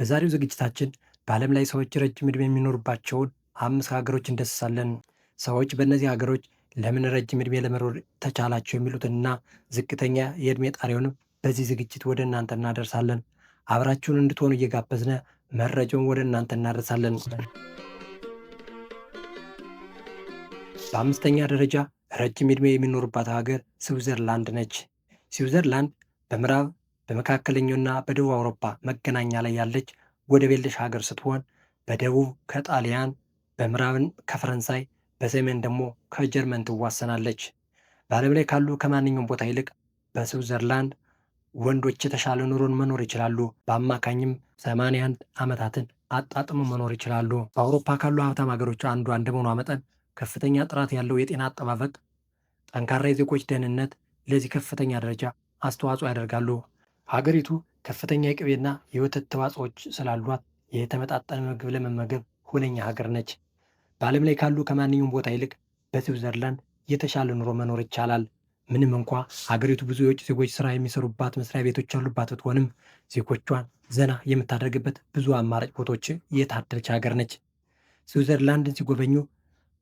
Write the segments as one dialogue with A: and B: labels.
A: በዛሬው ዝግጅታችን በዓለም ላይ ሰዎች ረጅም ዕድሜ የሚኖሩባቸውን አምስት ሀገሮች እንደስሳለን። ሰዎች በእነዚህ ሀገሮች ለምን ረጅም ዕድሜ ለመኖር ተቻላቸው የሚሉትንና ዝቅተኛ የዕድሜ ጣሪውንም በዚህ ዝግጅት ወደ እናንተ እናደርሳለን። አብራችሁን እንድትሆኑ እየጋበዝነ መረጃውን ወደ እናንተ እናደርሳለን። በአምስተኛ ደረጃ ረጅም ዕድሜ የሚኖሩባት ሀገር ስዊዘርላንድ ነች። ስዊዘርላንድ በምዕራብ በመካከለኛውና በደቡብ አውሮፓ መገናኛ ላይ ያለች ወደብ የለሽ ሀገር ስትሆን በደቡብ ከጣሊያን በምዕራብን ከፈረንሳይ በሰሜን ደግሞ ከጀርመን ትዋሰናለች። በዓለም ላይ ካሉ ከማንኛውም ቦታ ይልቅ በስዊዘርላንድ ወንዶች የተሻለ ኑሮን መኖር ይችላሉ። በአማካኝም 81 ዓመታትን አጣጥሞ መኖር ይችላሉ። በአውሮፓ ካሉ ሀብታም ሀገሮች አንዷ እንደመሆኗ መጠን ከፍተኛ ጥራት ያለው የጤና አጠባበቅ፣ ጠንካራ የዜጎች ደህንነት ለዚህ ከፍተኛ ደረጃ አስተዋጽኦ ያደርጋሉ። ሀገሪቱ ከፍተኛ የቅቤና የወተት ተዋጽኦች ስላሏት የተመጣጠነ ምግብ ለመመገብ ሁነኛ ሀገር ነች። በዓለም ላይ ካሉ ከማንኛውም ቦታ ይልቅ በስዊዘርላንድ የተሻለ ኑሮ መኖር ይቻላል። ምንም እንኳ ሀገሪቱ ብዙ የውጭ ዜጎች ስራ የሚሰሩባት መስሪያ ቤቶች ያሉባት ብትሆንም ዜጎቿን ዘና የምታደርግበት ብዙ አማራጭ ቦታዎች የታደለች ሀገር ነች። ስዊዘርላንድን ሲጎበኙ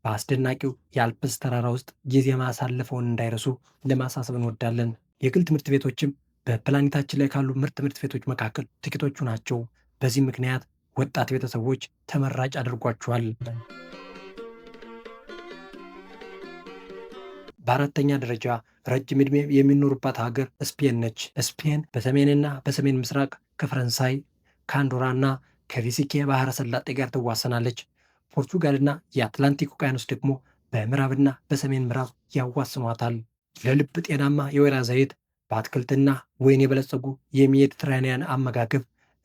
A: በአስደናቂው የአልፕስ ተራራ ውስጥ ጊዜ ማሳለፈውን እንዳይረሱ ለማሳሰብ እንወዳለን። የግል ትምህርት ቤቶችም በፕላኔታችን ላይ ካሉ ምርጥ ትምህርት ቤቶች መካከል ጥቂቶቹ ናቸው። በዚህ ምክንያት ወጣት ቤተሰቦች ተመራጭ አድርጓቸዋል። በአራተኛ ደረጃ ረጅም ዕድሜ የሚኖሩባት ሀገር ስፔን ነች። ስፔን በሰሜንና በሰሜን ምስራቅ ከፈረንሳይ ከአንዶራና ከቪሲኬ ባህረ ሰላጤ ጋር ትዋሰናለች። ፖርቹጋልና የአትላንቲክ ውቅያኖስ ደግሞ በምዕራብና በሰሜን ምዕራብ ያዋስኗታል። ለልብ ጤናማ የወይራ ዘይት በአትክልትና ወይን የበለጸጉ የሜዲትራኒያን አመጋገብ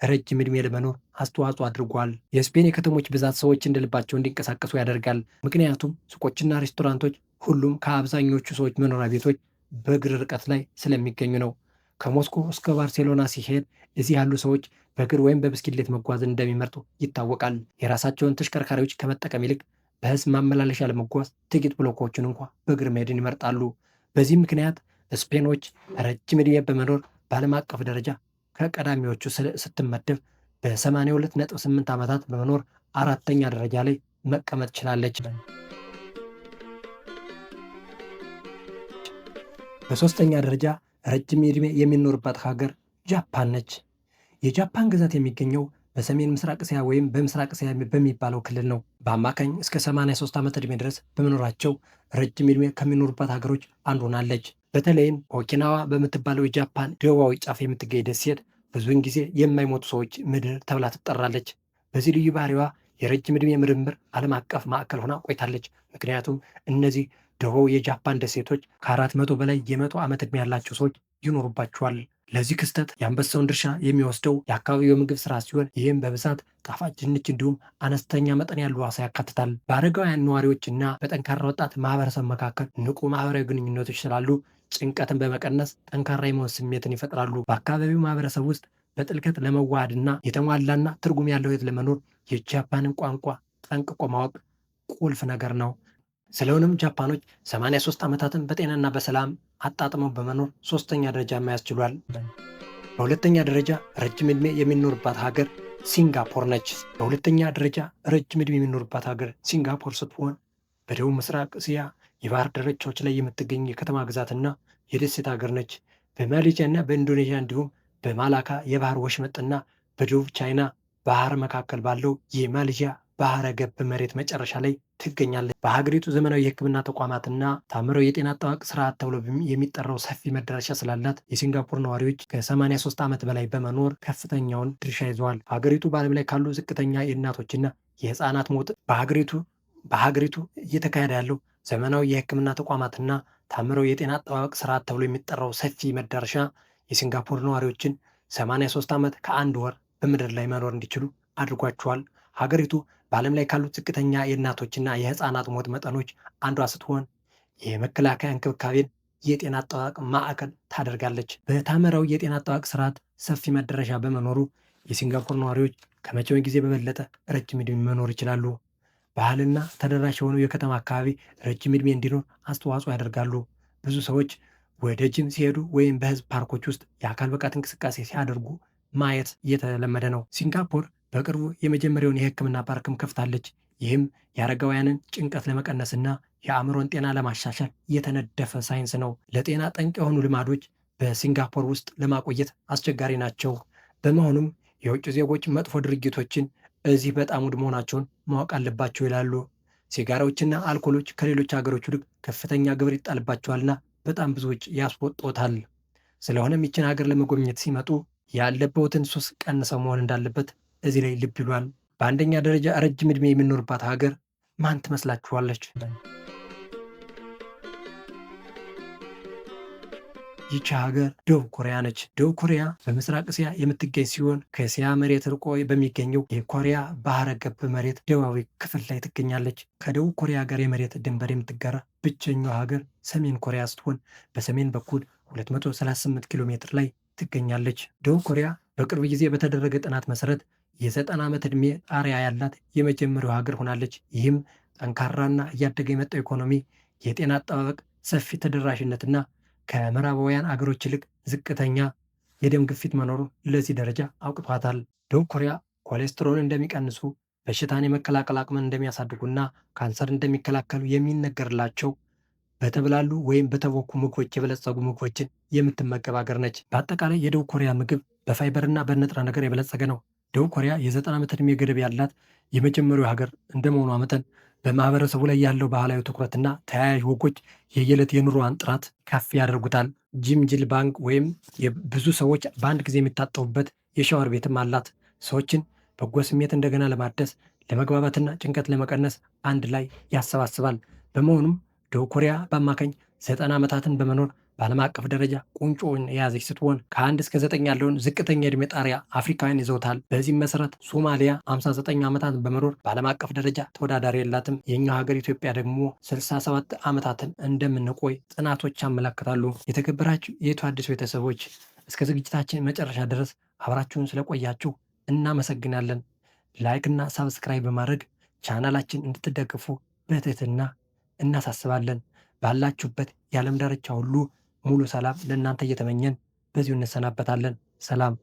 A: ረጅም ዕድሜ ለመኖር አስተዋጽኦ አድርጓል። የስፔን የከተሞች ብዛት ሰዎች እንደልባቸው እንዲንቀሳቀሱ ያደርጋል። ምክንያቱም ሱቆችና ሬስቶራንቶች ሁሉም ከአብዛኞቹ ሰዎች መኖሪያ ቤቶች በእግር ርቀት ላይ ስለሚገኙ ነው። ከሞስኮ እስከ ባርሴሎና ሲሄድ እዚህ ያሉ ሰዎች በእግር ወይም በብስክሌት መጓዝን እንደሚመርጡ ይታወቃል። የራሳቸውን ተሽከርካሪዎች ከመጠቀም ይልቅ በህዝብ ማመላለሻ ለመጓዝ ጥቂት ብሎኮችን እንኳ በእግር መሄድን ይመርጣሉ። በዚህም ምክንያት ስፔኖች ረጅም ዕድሜ በመኖር በዓለም አቀፍ ደረጃ ከቀዳሚዎቹ ስትመደብ በ82.8 ዓመታት በመኖር አራተኛ ደረጃ ላይ መቀመጥ ችላለች። በሦስተኛ ደረጃ ረጅም ዕድሜ የሚኖርባት ሀገር ጃፓን ነች። የጃፓን ግዛት የሚገኘው በሰሜን ምስራቅ እስያ ወይም በምስራቅ እስያ በሚባለው ክልል ነው። በአማካኝ እስከ 83 ዓመት ዕድሜ ድረስ በመኖራቸው ረጅም ዕድሜ ከሚኖሩባት ሀገሮች አንዱ ሆናለች። በተለይም ኦኪናዋ በምትባለው የጃፓን ደቡባዊ ጫፍ የምትገኝ ደሴት ብዙውን ጊዜ የማይሞቱ ሰዎች ምድር ተብላ ትጠራለች። በዚህ ልዩ ባህሪዋ የረጅም ዕድሜ ምርምር ዓለም አቀፍ ማዕከል ሆና ቆይታለች። ምክንያቱም እነዚህ ደቡብ የጃፓን ደሴቶች ከአራት መቶ በላይ የመቶ ዓመት ዕድሜ ያላቸው ሰዎች ይኖሩባቸዋል። ለዚህ ክስተት የአንበሳውን ድርሻ የሚወስደው የአካባቢው የምግብ ስራ ሲሆን ይህም በብዛት ጣፋጭ ድንች እንዲሁም አነስተኛ መጠን ያሉ አሳ ያካትታል። በአረጋውያን ነዋሪዎች እና በጠንካራ ወጣት ማህበረሰብ መካከል ንቁ ማህበራዊ ግንኙነቶች ስላሉ ጭንቀትን በመቀነስ ጠንካራ የመሆን ስሜትን ይፈጥራሉ። በአካባቢው ማህበረሰብ ውስጥ በጥልቀት ለመዋሃድና የተሟላና ትርጉም ያለው ህይወት ለመኖር የጃፓንን ቋንቋ ጠንቅቆ ማወቅ ቁልፍ ነገር ነው። ስለሆነም ጃፓኖች 83 ዓመታትን በጤናና በሰላም አጣጥመው በመኖር ሶስተኛ ደረጃ መያዝ ችሏል። በሁለተኛ ደረጃ ረጅም ዕድሜ የሚኖርባት ሀገር ሲንጋፖር ነች። በሁለተኛ ደረጃ ረጅም ዕድሜ የሚኖርባት ሀገር ሲንጋፖር ስትሆን በደቡብ ምስራቅ እስያ የባህር ዳርቻዎች ላይ የምትገኝ የከተማ ግዛትና የደሴት ሀገር ነች። በማሌዥያ እና በኢንዶኔዥያ እንዲሁም በማላካ የባህር ወሽመጥና በደቡብ ቻይና ባህር መካከል ባለው የማሌዥያ ባህረ ገብ መሬት መጨረሻ ላይ ትገኛለች። በሀገሪቱ ዘመናዊ የሕክምና ተቋማትና ታምረው የጤና አጠባበቅ ስርዓት ተብሎ የሚጠራው ሰፊ መዳረሻ ስላላት የሲንጋፖር ነዋሪዎች ከ83 ዓመት በላይ በመኖር ከፍተኛውን ድርሻ ይዘዋል። ሀገሪቱ በዓለም ላይ ካሉ ዝቅተኛ የእናቶችና የህፃናት ሞት በሀገሪቱ በሀገሪቱ እየተካሄደ ያለው ዘመናዊ የሕክምና ተቋማትና ታምረው የጤና አጠባበቅ ስርዓት ተብሎ የሚጠራው ሰፊ መዳረሻ የሲንጋፖር ነዋሪዎችን 83 ዓመት ከአንድ ወር በምድር ላይ መኖር እንዲችሉ አድርጓቸዋል። ሀገሪቱ በዓለም ላይ ካሉት ዝቅተኛ የእናቶችና የህፃናት ሞት መጠኖች አንዷ ስትሆን የመከላከያ እንክብካቤን የጤና አጠባበቅ ማዕከል ታደርጋለች። በታምረው የጤና አጠባበቅ ስርዓት ሰፊ መዳረሻ በመኖሩ የሲንጋፖር ነዋሪዎች ከመቼውን ጊዜ በበለጠ ረጅም ዕድሜ መኖር ይችላሉ። ባህልና ተደራሽ የሆኑ የከተማ አካባቢ ረጅም ዕድሜ እንዲኖር አስተዋጽኦ ያደርጋሉ። ብዙ ሰዎች ወደ ጅም ሲሄዱ ወይም በህዝብ ፓርኮች ውስጥ የአካል ብቃት እንቅስቃሴ ሲያደርጉ ማየት እየተለመደ ነው። ሲንጋፖር በቅርቡ የመጀመሪያውን የህክምና ፓርክም ከፍታለች። ይህም የአረጋውያንን ጭንቀት ለመቀነስና የአእምሮን ጤና ለማሻሻል የተነደፈ ሳይንስ ነው። ለጤና ጠንቅ የሆኑ ልማዶች በሲንጋፖር ውስጥ ለማቆየት አስቸጋሪ ናቸው። በመሆኑም የውጭ ዜጎች መጥፎ ድርጊቶችን እዚህ በጣም ውድ መሆናቸውን ማወቅ አለባቸው ይላሉ። ሲጋራዎችና አልኮሎች ከሌሎች ሀገሮች ይልቅ ከፍተኛ ግብር ይጣልባቸዋልና በጣም ብዙ ወጪ ያስወጦታል። ስለሆነም ይችን ሀገር ለመጎብኘት ሲመጡ ያለበትን ሱስ ቀንሰው መሆን እንዳለበት እዚህ ላይ ልብ ይሏል። በአንደኛ ደረጃ ረጅም ዕድሜ የምኖርባት ሀገር ማን ትመስላችኋለች? ይቺ ሀገር ደቡብ ኮሪያ ነች። ደቡብ ኮሪያ በምስራቅ እስያ የምትገኝ ሲሆን ከእስያ መሬት ርቆ በሚገኘው የኮሪያ ባህረ ገብ መሬት ደቡባዊ ክፍል ላይ ትገኛለች። ከደቡብ ኮሪያ ጋር የመሬት ድንበር የምትጋራ ብቸኛው ሀገር ሰሜን ኮሪያ ስትሆን በሰሜን በኩል 238 ኪሎ ሜትር ላይ ትገኛለች። ደቡብ ኮሪያ በቅርብ ጊዜ በተደረገ ጥናት መሰረት የዘጠና ዓመት ዕድሜ ጣሪያ ያላት የመጀመሪያው ሀገር ሆናለች። ይህም ጠንካራና እያደገ የመጣው ኢኮኖሚ፣ የጤና አጠባበቅ፣ ሰፊ ተደራሽነትና ከምዕራባውያን አገሮች ይልቅ ዝቅተኛ የደም ግፊት መኖሩ ለዚህ ደረጃ አውቅቷታል። ደቡብ ኮሪያ ኮሌስትሮል እንደሚቀንሱ በሽታን የመከላከል አቅምን እንደሚያሳድጉና ካንሰር እንደሚከላከሉ የሚነገርላቸው በተብላሉ ወይም በተቦኩ ምግቦች የበለጸጉ ምግቦችን የምትመገብ አገር ነች። በአጠቃላይ የደቡብ ኮሪያ ምግብ በፋይበርና በንጥረ ነገር የበለጸገ ነው። ደቡብ ኮሪያ የዘጠና ዓመት ዕድሜ ገደብ ያላት የመጀመሪያው ሀገር እንደመሆኗ መጠን በማህበረሰቡ ላይ ያለው ባህላዊ ትኩረትና ተያያዥ ወጎች የየዕለት የኑሮዋን ጥራት ከፍ ያደርጉታል። ጂምጅል ባንክ ወይም ብዙ ሰዎች በአንድ ጊዜ የሚታጠቡበት የሻወር ቤትም አላት። ሰዎችን በጎ ስሜት እንደገና ለማደስ ለመግባባትና ጭንቀት ለመቀነስ አንድ ላይ ያሰባስባል። በመሆኑም ደቡብ ኮሪያ በአማካኝ ዘጠና ዓመታትን በመኖር በዓለም አቀፍ ደረጃ ቁንጮውን የያዘች ስትሆን ከአንድ እስከ ዘጠኝ ያለውን ዝቅተኛ እድሜ ጣሪያ አፍሪካውያን ይዘውታል። በዚህም መሰረት ሶማሊያ 59 ዓመታት በመኖር በዓለም አቀፍ ደረጃ ተወዳዳሪ የላትም። የኛው ሀገር ኢትዮጵያ ደግሞ 67 ዓመታትን እንደምንቆይ ጥናቶች ያመለክታሉ። የተከበራችሁ የቱ አዲስ ቤተሰቦች እስከ ዝግጅታችን መጨረሻ ድረስ አብራችሁን ስለቆያችሁ እናመሰግናለን። ላይክና ሳብስክራይብ በማድረግ ቻናላችን እንድትደግፉ በትህትና እናሳስባለን። ባላችሁበት የዓለም ዳርቻ ሁሉ ሙሉ ሰላም ለእናንተ እየተመኘን በዚሁ እንሰናበታለን። ሰላም